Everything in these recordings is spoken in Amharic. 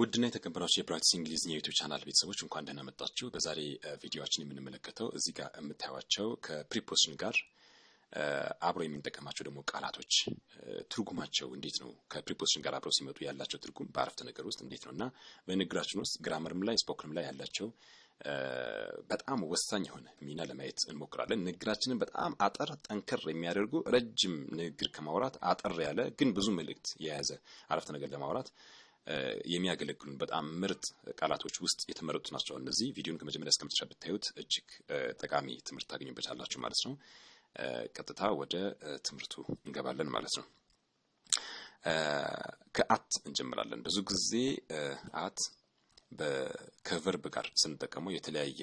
ውድና የተከበራችሁ የፕራክቲስ እንግሊዝኛ ዩቱብ ቻናል ቤተሰቦች እንኳን ደህና መጣችሁ። በዛሬ ቪዲዮችን የምንመለከተው እዚህ ጋር የምታዩቸው ከፕሪፖዚሽን ጋር አብሮ የምንጠቀማቸው ደግሞ ቃላቶች ትርጉማቸው እንዴት ነው፣ ከፕሪፖዚሽን ጋር አብረው ሲመጡ ያላቸው ትርጉም በአረፍተ ነገር ውስጥ እንዴት ነው እና በንግራችን ውስጥ ግራመርም ላይ ስፖክንም ላይ ያላቸው በጣም ወሳኝ የሆነ ሚና ለማየት እንሞክራለን። ንግግራችንን በጣም አጠር ጠንከር የሚያደርጉ ረጅም ንግግር ከማውራት አጠር ያለ ግን ብዙ መልእክት የያዘ አረፍተ ነገር ለማውራት የሚያገለግሉን በጣም ምርጥ ቃላቶች ውስጥ የተመረጡት ናቸው። እነዚህ ቪዲዮን ከመጀመሪያ እስከ ብታዩት እጅግ ጠቃሚ ትምህርት ታገኙበታላችሁ ማለት ነው። ቀጥታ ወደ ትምህርቱ እንገባለን ማለት ነው። ከአት እንጀምራለን። ብዙ ጊዜ አት ከቨርብ ጋር ስንጠቀመው የተለያየ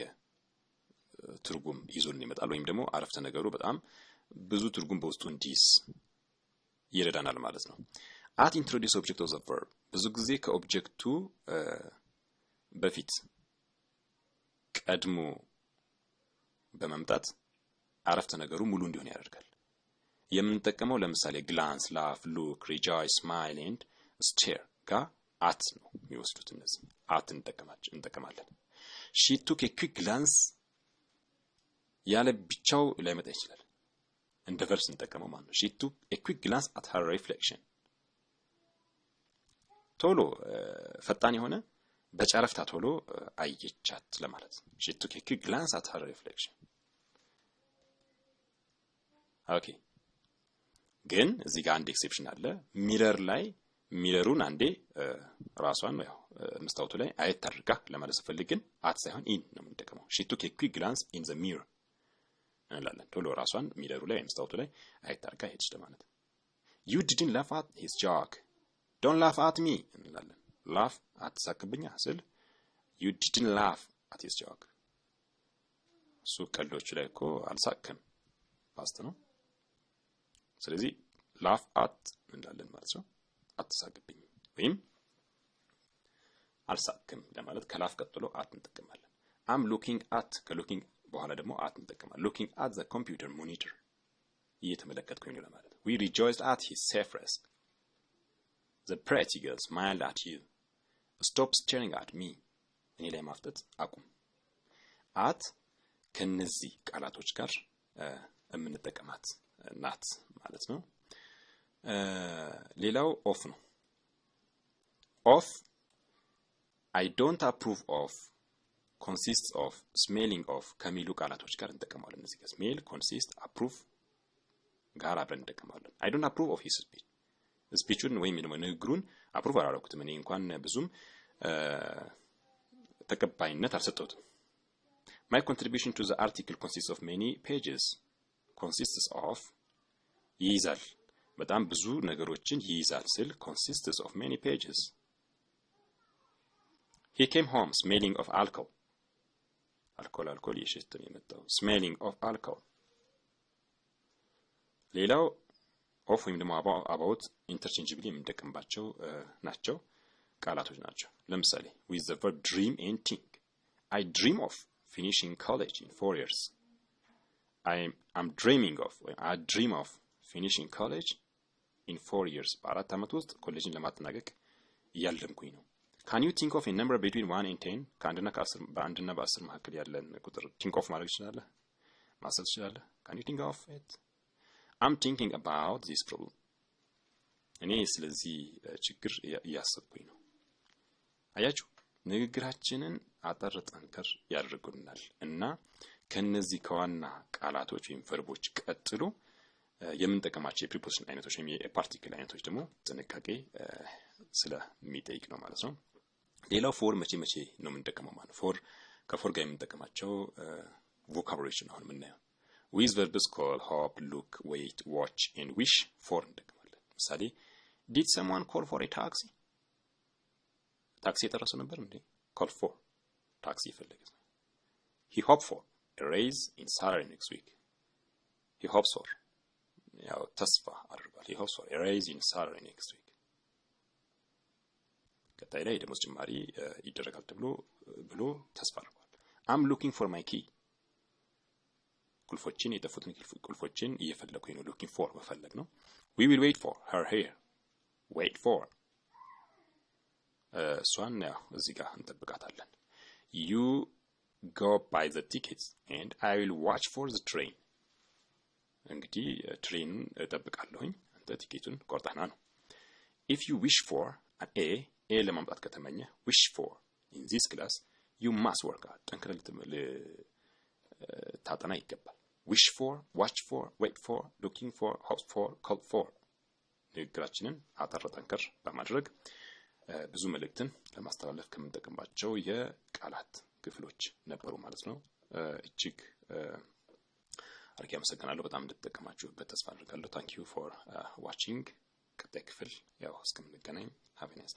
ትርጉም ይዞልን ይመጣል። ወይም ደግሞ አረፍተ ነገሩ በጣም ብዙ ትርጉም በውስጡ እንዲይዝ ይረዳናል ማለት ነው። አት ኢንትሮዲውስ ኦብጀክት ኦፍ ዘ ቨርብ ብዙ ጊዜ ከኦብጀክቱ uh, በፊት ቀድሞ በመምጣት አረፍተ ነገሩ ሙሉ እንዲሆን ያደርጋል። የምንጠቀመው ለምሳሌ ግላንስ፣ ላፍ፣ ሉክ፣ ሪጆይስ፣ ስማይል ኤንድ ስቴር ጋር አት ነው የሚወስዱት። እነዚህ አት እንጠቀማለን። ሺ ቱክ ኤ ኩዊክ ግላንስ ያለ ብቻው ላይመጣ ይችላል። እንደ ቨርብ ስንጠቀመው ማለት ነው። ሺ ቱክ ኤ ኩዊክ ግላንስ አት ሀር ሪፍሌክሽን ቶሎ ፈጣን የሆነ በጨረፍታ ቶሎ አየቻት ለማለት ነው። ሽቱ ኬክ ግላንስ አት ሀር ሪፍሌክሽን ኦኬ። ግን እዚህ ጋር አንድ ኤክሴፕሽን አለ። ሚረር ላይ ሚረሩን አንዴ ራሷን ያው መስታወቱ ላይ አየት አድርጋ ለማለት ስፈልግ ግን አት ሳይሆን ኢን ነው የምንጠቀመው። ሽቱ ኬክ ግላንስ ኢን ዘ ሚር እንላለን። ቶሎ ራሷን ሚረሩ ላይ መስታወቱ ላይ አየት አድርጋ ሄደች ለማለት ዩ ዲድን ላፍ አት ሂዝ ጆክ ዶን ላፍ አት ሚ እንላለን። ላፍ አትሳቅብኛ ስል ዩ ዲድን ላፍ አት ሂዝ ጆክ። እሱ ቀልዶች ላይ እኮ አልሳቅክም፣ ፓስት ነው። ስለዚህ ላፍ አት እንላለን ማለት ነው። አትሳቅብኝ ወይም አልሳቅክም ለማለት ከላፍ ቀጥሎ አት እንጠቀማለን። አም ሉኪንግ አት ከሉኪንግ በኋላ ደግሞ አት እንጠቀማለን። ሉኪንግ አት ዘ ኮምፒውተር ሞኒተር እየተመለከትኩኝ ለማለት ዊ ሪጆይስድ አት ሂዝ ሴፍረስ The pretty girl smiled at you. ስቶፕ ስቸሪንግ አት ሚ እኔ ላይ ማፍጠት አቁም። አት ከነዚህ ቃላቶች ጋር የምንጠቀማት ናት ማለት ነው። ሌላው ኦፍ ነው። ኦፍ አይ ዶንት አፕሩቭ ኦፍ ኮንሲስት ኦፍ ስሜሊንግ ኦፍ ከሚሉ ቃላቶች ጋር እንጠቀማለን። እዚህ ጋር ስሜል፣ ኮንሲስት፣ አፕሩቭ ጋር አብረን እንጠቀማለን። አይ ዶንት አፕሩቭ ኦፍ ሂስ ስፒች ስፒቹን ወይም ደግሞ ንግግሩን አፕሩቭ አላረኩትም። እኔ እንኳን ብዙም ተቀባይነት አልሰጠሁትም። ማይ ኮንትሪቢሽን ቱ ዘ አርቲክል ኮንሲስት ኦፍ ሜኒ ፔጅስ ኮንሲስትስ ኦፍ ይይዛል፣ በጣም ብዙ ነገሮችን ይይዛል ስል ኮንሲስትስ ኦፍ ሜኒ ፔጅስ። ሂ ኬም ሆም ስሜሊንግ ኦፍ አልኮል አልኮል አልኮል የሸተን የመጣው ስሜሊንግ ኦፍ አልኮል ሌላው ኦፍ ወይም ደግሞ አባውት ኢንተርቼንጅብሊ የምንጠቀምባቸው ናቸው ቃላቶች ናቸው። ለምሳሌ ዊዝ ዘ ቨርብ ድሪም ኤንድ ቲንክ አይ ድሪም ኦፍ ፊኒሽንግ ኮሌጅ ኢን ፎር ይርስ አም ድሪሚንግ ኦፍ ወይም አይ ድሪም ኦፍ ፊኒሽንግ ኮሌጅ ኢን ፎር ይርስ በአራት ዓመት ውስጥ ኮሌጅን ለማጠናቀቅ እያለምኩኝ ነው። ካን ዩ ቲንክ ኦፍ ኤ ነምበር ቢትዊን ዋን ኤንድ ቴን ከአንድና ከአስር በአንድና በአስር መካከል ያለን ቁጥር ቲንክ ኦፍ ማድረግ ትችላለህ? ማሰብ ትችላለህ? ካን ዩ ቲንክ ኦፍ ኢት አም ቲንኪንግ አባውት ዚስ ፕሮብለም እኔ ስለዚህ ችግር እያሰብኩኝ ነው። አያችሁ ንግግራችንን አጠር ጠንከር ያደርጉናል እና ከነዚህ ከዋና ቃላቶች ወይም ቨርቦች ቀጥሎ የምንጠቀማቸው የፕሪፖዚሽን አይነቶች ወይም የፓርቲክል አይነቶች ደግሞ ጥንቃቄ ስለሚጠይቅ ነው ማለት ነው። ሌላው ፎር መቼ መቼ ነው የምንጠቀመው ማለት ፎር ከፎር ጋር የምንጠቀማቸው ቮካብሎችን አሁን የምናየው ዊዝ ቨርብስ ኮል ሆፕ ሉክ ዌይት ዋች ኤንድ ዊሽ ፎር እንደግማለን። ምሳሌ ዲድ ሰምዋን ኮል ፎር ታክሲ፣ ታክሲ የጠረሱ ነበር እንዴ? ኮል ፎር ታክሲ የፈለገ ነው። ሂ ሆፕ ፎር ሬይዝ ኢን ሳላሪ ኔክስት ዊክ። ሂ ሆፕስ ፎር ያው ተስፋ አድርጓል። ሂ ሆፕስ ፎር ኤ ሬይዝ ኢን ሳላሪ ኔክስት ዊክ። ቀጣይ ላይ የደሞዝ ጭማሪ ይደረጋል ተብሎ ብሎ ተስፋ አድርጓል። አም ሉኪንግ ፎር ማይ ኪ ቁልፎችን የጠፉትን ቁልፎችን እየፈለኩኝ ነው። ሉኪንግ ፎር መፈለግ ነው። ዊ ዊል ዌይት ፎር ሄር ሄር ዌይት ፎር እሷን ያው እዚህ ጋር እንጠብቃታለን። ዩ ጎ ባይ ዘ ቲኬትስ ኤንድ አይ ዊል ዋች ፎር ዘ ትሬን። እንግዲህ ትሬኑን uh, እጠብቃለሁኝ። አንተ ቲኬቱን ቆርጠህና ነው። ኢፍ ዩ ዊሽ ፎር ኤ ኤ ለማምጣት ከተመኘ ዊሽ ፎር ኢን ዚስ ክላስ ዩ ማስ ወርክ ጠንክረህ ልታጠና uh, ይገባል። ዊሽ ፎር ዋች ፎር ዌት ፎር ሉኪንግ ፎር ሆፕ ፎር ኮል ፎር ንግግራችንን አጠር ጠንከር በማድረግ ብዙ መልእክትን ለማስተላለፍ ከምንጠቅምባቸው የቃላት ክፍሎች ነበሩ ማለት ነው። እጅግ አርጌ አመሰግናለሁ። በጣም እንድትጠቀማችሁበት ተስፋ አድርጋለሁ። ታንክ ዩ ፎር ዋችንግ ቀጣይ ክፍል ያው እስከምንገናኝ ሀቪ ናይስ